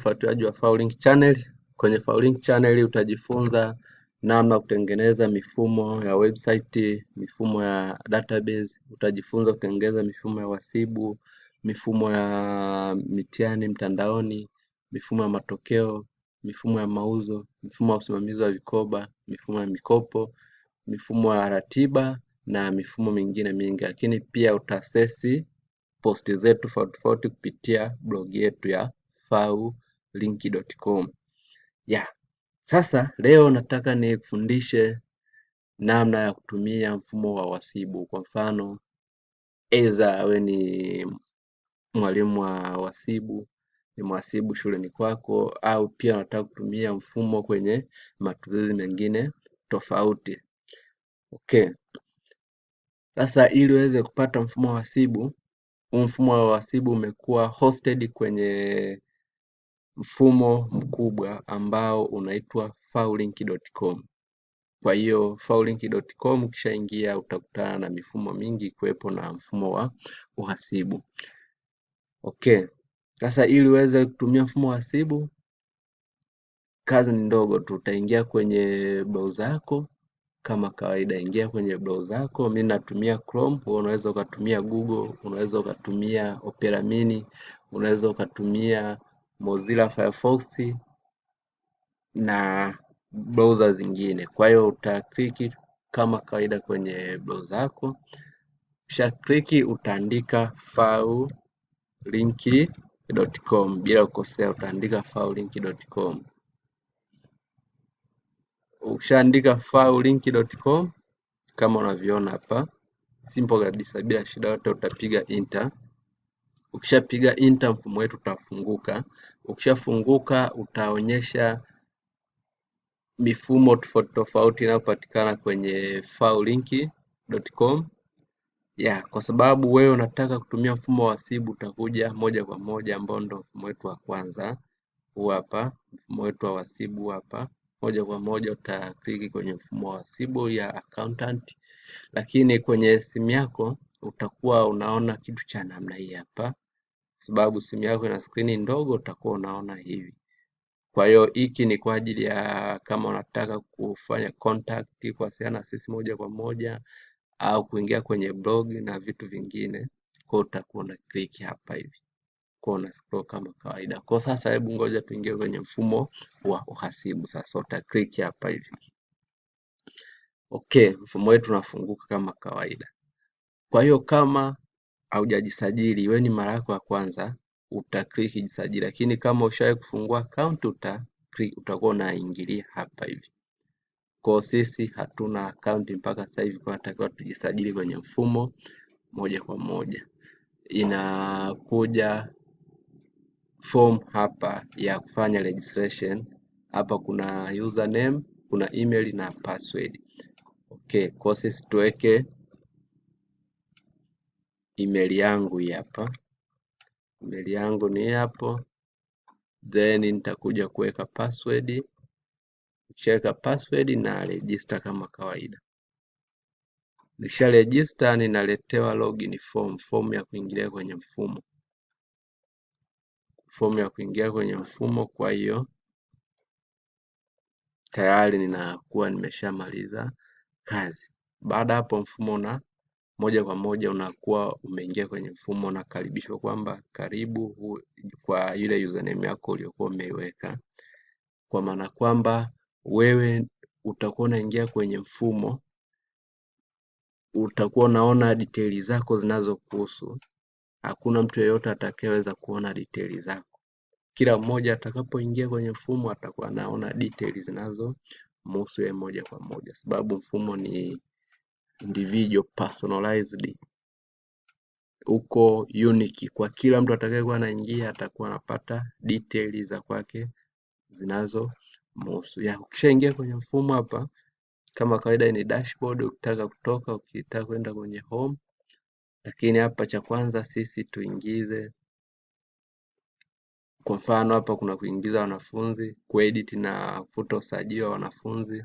ufuatiliaji wa fouling channel. Kwenye fouling channel utajifunza namna kutengeneza mifumo ya website, mifumo ya database, utajifunza kutengeneza mifumo ya wasibu, mifumo ya mitihani mtandaoni, mifumo ya matokeo, mifumo ya mauzo, mifumo ya usimamizi wa vikoba, mifumo ya mikopo, mifumo ya ratiba na mifumo mingine mingi, lakini pia utasesi posti zetu tofauti tofauti kupitia blogi yetu ya FAU linki.com. Yeah. Sasa leo nataka nifundishe namna ya kutumia mfumo wa wasibu. Kwa mfano, eza awe ni mwalimu wa wasibu, ni mwasibu shuleni kwako, au pia nataka kutumia mfumo kwenye matumizi mengine tofauti. Okay. Sasa ili uweze kupata mfumo wa wasibu, huu mfumo wa wasibu umekuwa hosted kwenye mfumo mkubwa ambao unaitwa faulink.com. Kwa hiyo faulink.com ukishaingia utakutana na mifumo mingi ikiwepo na mfumo wa uhasibu. Okay, sasa ili uweze kutumia mfumo wa uhasibu, kazi ni ndogo tu. Utaingia kwenye browser yako kama kawaida, ingia kwenye browser yako. Mimi natumia Chrome, unaweza ukatumia Google, unaweza ukatumia Opera Mini, unaweza ukatumia Mozilla Firefox na browser zingine. Kwa hiyo utakliki kama kawaida kwenye browser yako, kisha kliki utaandika faulink.com bila kukosea, utaandika faulink.com. Ukishaandika faulink.com kama unavyoona hapa, simple kabisa, bila shida yote, utapiga enter. Ukishapiga enter mfumo wetu utafunguka. Ukishafunguka utaonyesha mifumo tofauti tofauti inayopatikana kwenye faulink.com. Yeah, kwa sababu wewe unataka kutumia mfumo wa sibu utakuja moja kwa moja ambao ndo mfumo wetu wa kwanza huu hapa, mfumo wetu wa wasibu hapa. Moja kwa moja utakliki kwenye mfumo wa wasibu ya accountant, lakini kwenye simu yako utakuwa unaona kitu cha namna hii hapa, kwa sababu simu yako ina skrini ndogo, utakuwa unaona hivi. Kwa hiyo hiki ni kwa ajili ya kama unataka kufanya contact, kuwasiliana na sisi moja kwa moja au kuingia kwenye blog na vitu vingine, kwa utakuwa una click hapa hivi kwa una scroll kama kawaida. Kwa sasa, hebu ngoja tuingie kwenye mfumo wa uhasibu sasa. Uta click hapa hivi, okay, mfumo wetu unafunguka kama kawaida. Kwa hiyo kama haujajisajili wewe ni mara yako ya kwanza utaklik jisajili, lakini kama ushawahi kufungua akaunti uta utakuwa unaingilia hapa hivi. Kwa sisi hatuna akaunti mpaka sasa hivi, kwa natakiwa tujisajili kwenye mfumo moja kwa moja. Inakuja form hapa ya kufanya registration. Hapa kuna username, kuna email na password. Okay, kwa sisi tuweke email yangu hii hapa, email yangu ni hapo, then nitakuja kuweka password. nishaweka password na register kama kawaida. nisha register ninaletewa login form, fomu ya kuingilia kwenye mfumo, fomu ya kuingia kwenye mfumo. Kwa hiyo tayari ninakuwa nimeshamaliza kazi. Baada hapo mfumo na moja kwa moja unakuwa umeingia kwenye mfumo, unakaribishwa kwamba karibu hu, kwa ile username yako uliokuwa umeiweka, kwa maana kwamba wewe utakuwa unaingia kwenye mfumo, utakuwa unaona detaili zako zinazokuhusu. Hakuna mtu yeyote atakayeweza kuona detaili zako. Kila mmoja atakapoingia kwenye mfumo atakuwa anaona detaili zinazomhusu yeye moja kwa moja, sababu mfumo ni individual personalized uko unique kwa kila mtu atakayekuwa anaingia atakuwa anapata details za kwake mhusu Ya, ukishaingia kwenye mfumo hapa kama kawaida ni dashboard, ukitaka kutoka, ukitaka kwenda kwenye home, lakini hapa cha kwanza sisi tuingize kwa mfano hapa kuna kuingiza wanafunzi, kuedit na kufuta usajili wa wanafunzi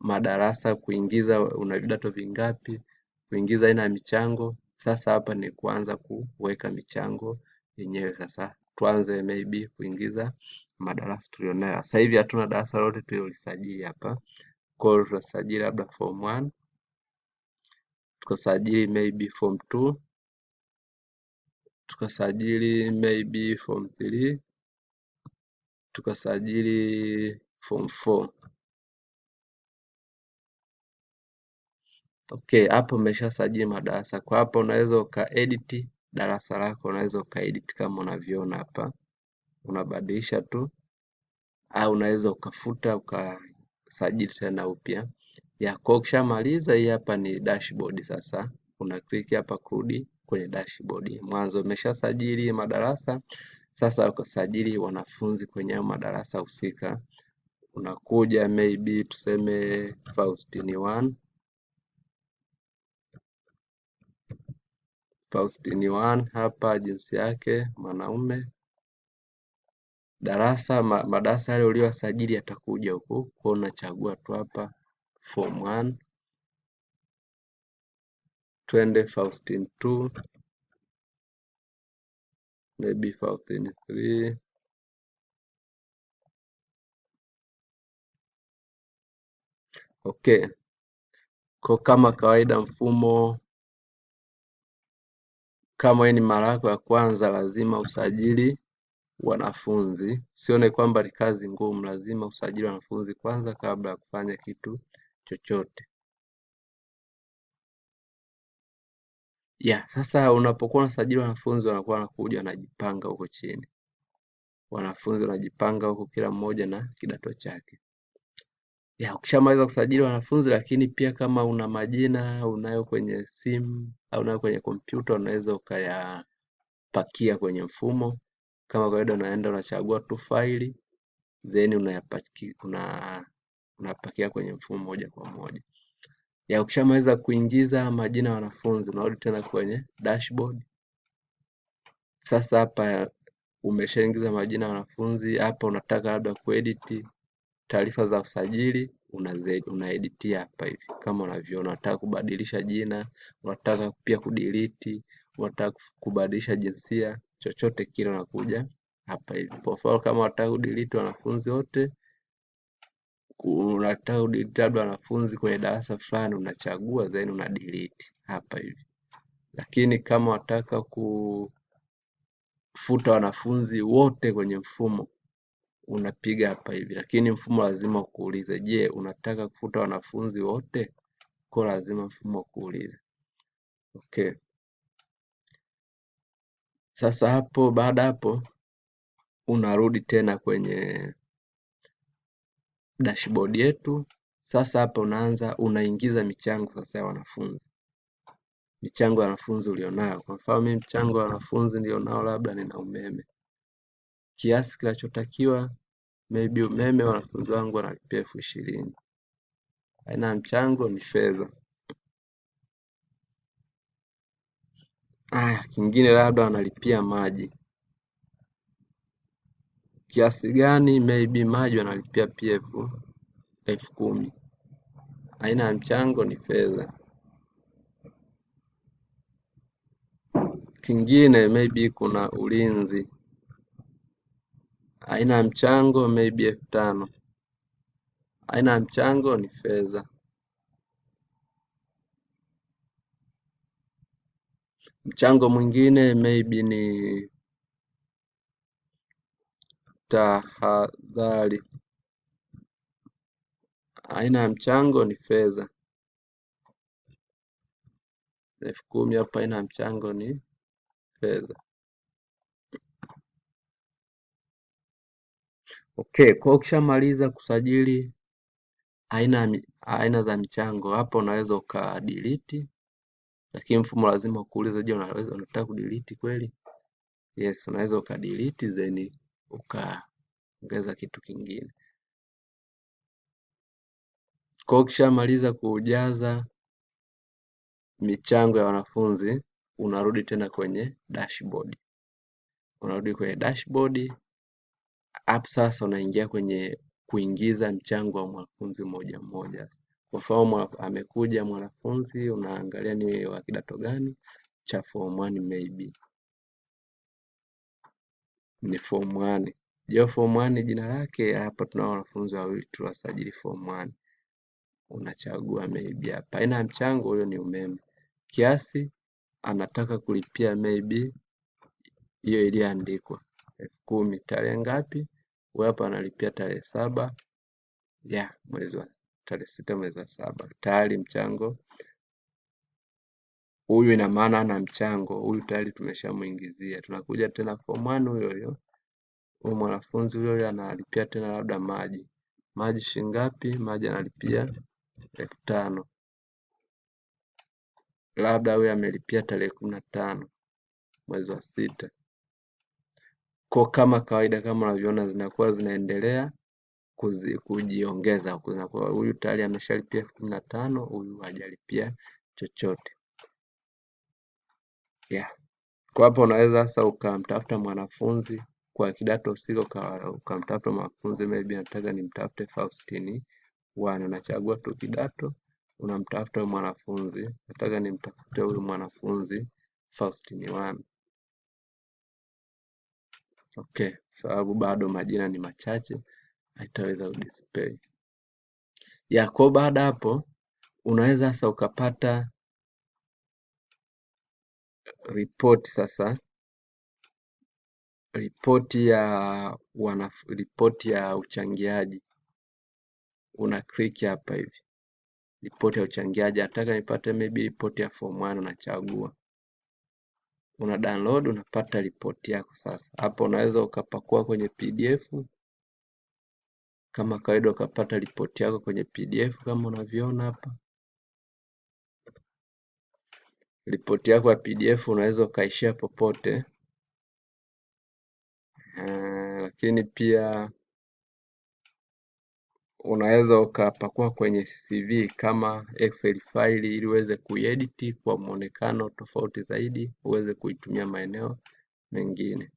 madarasa, kuingiza una vidato vingapi, kuingiza aina ya michango. Sasa hapa ni kuanza kuweka michango yenyewe. Sasa tuanze maybe kuingiza madarasa tulionayo. Sasa hivi hatuna darasa lote tulilosajili hapa, kwa hiyo tutasajili labda form 1 tukasajili maybe form 2 tukasajili maybe form 3 tukasajili form 4 Okay, hapo umeshasajili madarasa kwa hapo, unaweza ukaedit darasa lako, unaweza ukaedit kama unavyoona hapa, unabadilisha tu, au unaweza ukafuta ukasajili tena upya. Ya kwa ukishamaliza, hii hapa ni dashboard. Sasa una click hapa kurudi kwenye dashboard. Mwanzo umeshasajili madarasa, sasa ukasajili wanafunzi kwenye madarasa husika, unakuja maybe tuseme Faustini 1 Faustini Wan hapa jinsi yake mwanaume. Darasa madarasa yale uliowasajili yatakuja huku, kwa unachagua tu hapa form one. Twende Faustin Two, maybe Faustin Three Okay, kwa kama kawaida mfumo kama wewe ni mara yako ya kwanza, lazima usajili wanafunzi. Usione kwamba ni kazi ngumu, lazima usajili wanafunzi kwanza kabla ya kufanya kitu chochote. Ya, sasa unapokuwa unasajili wanafunzi wanakuwa wanakuja wanajipanga huko chini, wanafunzi wanajipanga huko, kila mmoja na kidato chake. Ya ukishamaliza kusajili wanafunzi lakini pia kama una majina unayo kwenye simu au unayo kwenye kompyuta unaweza ukayapakia kwenye mfumo. Kama kawaida unaenda unachagua tu faili then unayapaki una unapakia kwenye mfumo moja kwa moja. Ya ukishamaliza kuingiza majina ya wanafunzi unarudi tena kwenye dashboard. Sasa hapa umeshaingiza majina ya wanafunzi, hapa unataka labda kuedit taarifa za usajili unaeditia hapa hivi kama unavyoona, unataka kubadilisha jina, unataka pia kudiliti, unataka kubadilisha jinsia, chochote kile unakuja hapa hivi. Kwa mfano kama unataka kudiliti wanafunzi wote, unataka kudiliti labda wanafunzi kwenye darasa fulani, unachagua then unadiliti hapa hivi. Lakini kama unataka kufuta wanafunzi wote kwenye mfumo unapiga hapa hivi, lakini mfumo lazima ukuulize, je, unataka kufuta wanafunzi wote? Kwa lazima mfumo ukuulize. Okay, sasa hapo, baada hapo unarudi tena kwenye dashboard yetu. Sasa hapa unaanza unaingiza michango sasa ya wanafunzi, michango ya wanafunzi ulionayo. Kwa mfano mimi mchango wa wanafunzi nilionao labda nina umeme kiasi kinachotakiwa maybe umeme wanafunzi wangu wanalipia elfu ishirini aina ya mchango ni fedha. Aya, kingine labda wanalipia maji kiasi gani? Maybe maji wanalipia pia elfu elfu kumi. Aina ya mchango ni fedha. Kingine maybe kuna ulinzi Aina ya mchango maybe elfu tano. Aina ya mchango ni fedha. Mchango mwingine maybe ni tahadhari. Aina ya mchango ni fedha. Elfu kumi hapa, aina ya mchango ni fedha. Okay, kwa ukishamaliza kusajili aina aina za michango hapo unaweza ukadiliti lakini mfumo lazima ukuulize, je, unaweza unataka kudelete kweli? Yes, unaweza ukadelete then ukaongeza kitu kingine. Kwa ukishamaliza kujaza michango ya wanafunzi unarudi tena kwenye dashboard. Unarudi kwenye dashboard app unaingia kwenye kuingiza mchango wa mwanafunzi mmoja mmoja. Kwa mfano amekuja mwanafunzi, unaangalia ni wa kidato gani cha form 1 maybe ni form 1. Je, form 1 jina lake hapa, tuna wanafunzi wawili tuwasajili form 1. Unachagua maybe hapa, aina ya mchango huyo ni umeme, kiasi anataka kulipia maybe hiyo iliyoandikwa elfu kumi, tarehe ngapi Huyu hapa analipia tarehe saba ya mwezi wa tarehe sita mwezi wa saba tayari mchango huyu, ina maana na mchango huyu tayari tumeshamuingizia. Tunakuja tena form one huyo huyo huyu mwanafunzi huyo analipia tena labda maji maji shingapi Maji analipia elfu tano labda huyu amelipia tarehe kumi na tano mwezi wa sita kwa kama kawaida kama unavyoona zinakuwa zinaendelea kuzi, kujiongeza huyu tayari ameshalipia elfu kumi na tano huyu hajalipia chochote yeah. Kwa hapo unaweza sasa ukamtafuta mwanafunzi kwa kidato usiko ukamtafuta mwanafunzi maybe nataka nimtafute Faustini wana unachagua tu kidato unamtafuta huyu mwanafunzi nataka nimtafute huyu mwanafunzi Faustini wana Okay, sababu bado majina ni machache haitaweza display. Ya, kwa baada hapo unaweza sasa ukapata ripoti sasa ripoti ya wana ripoti ya uchangiaji una click hapa hivi, ripoti ya uchangiaji. Nataka nipate maybe ripoti ya form 1 unachagua una download unapata ripoti yako sasa. Hapo unaweza ukapakua kwenye PDF kama kawaida, ukapata ripoti yako kwenye PDF kama unavyoona hapa. Ripoti yako ya PDF unaweza ukaishia popote. Uh, lakini pia unaweza ukapakua kwenye CV kama Excel file ili uweze kuedit kwa muonekano tofauti zaidi, uweze kuitumia maeneo mengine.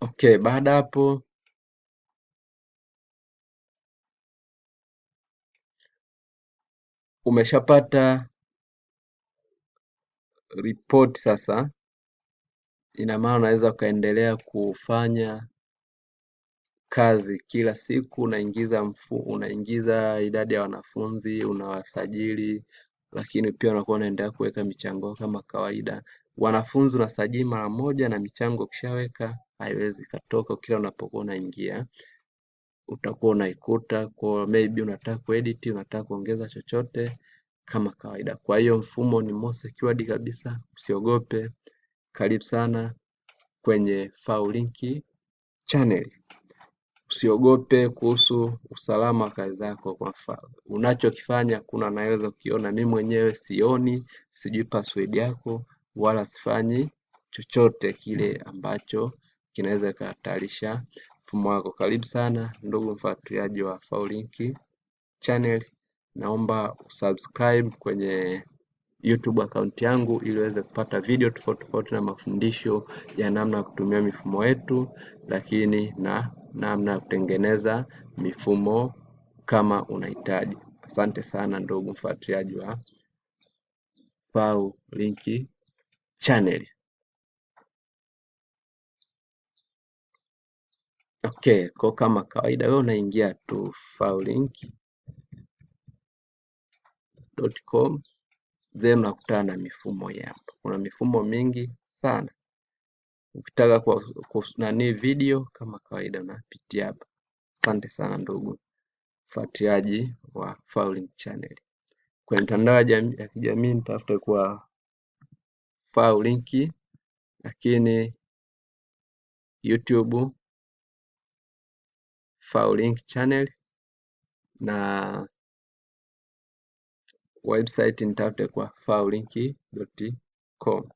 Okay, baada hapo umeshapata report sasa, ina maana unaweza ukaendelea kufanya kazi kila siku, unaingiza mfu, unaingiza idadi ya wanafunzi unawasajili, lakini pia unakuwa unaendelea kuweka michango kama kawaida. Wanafunzi unasajili mara moja, na michango ukishaweka haiwezi katoka kila unapokuwa unaingia utakuwa unaikuta kwa maybe unataka kuedit, unataka kuongeza chochote kama kawaida. Kwa hiyo mfumo ni most secured kabisa, usiogope. Karibu sana kwenye Faulink channel. Usiogope kuhusu usalama wa kazi zako. Kwa mfano, unachokifanya kuna naweza kukiona mimi mwenyewe, sioni, sijui password yako, wala sifanyi chochote kile ambacho kinaweza ikahatarisha mfumo wako. Karibu sana ndugu mfuatiliaji wa Faulink channel naomba usubscribe kwenye YouTube akaunti yangu ili uweze kupata video tofauti tofauti na mafundisho ya namna ya kutumia mifumo yetu, lakini na namna ya kutengeneza mifumo kama unahitaji. Asante sana ndugu mfuatiliaji wa Pau Link Channel. Okay, kwa kama kawaida wewe unaingia tu Pau Link github.com then unakutana na mifumo ya Kuna mifumo mingi sana. Ukitaka kwa, kwa nani video kama kawaida unapitia hapa. Asante sana ndugu mfuatiliaji wa Faulink channel. Kwenye mtandao ya kijamii nitafuta kwa Faulink, lakini YouTube Faulink channel na website nitafute kwa faulink.com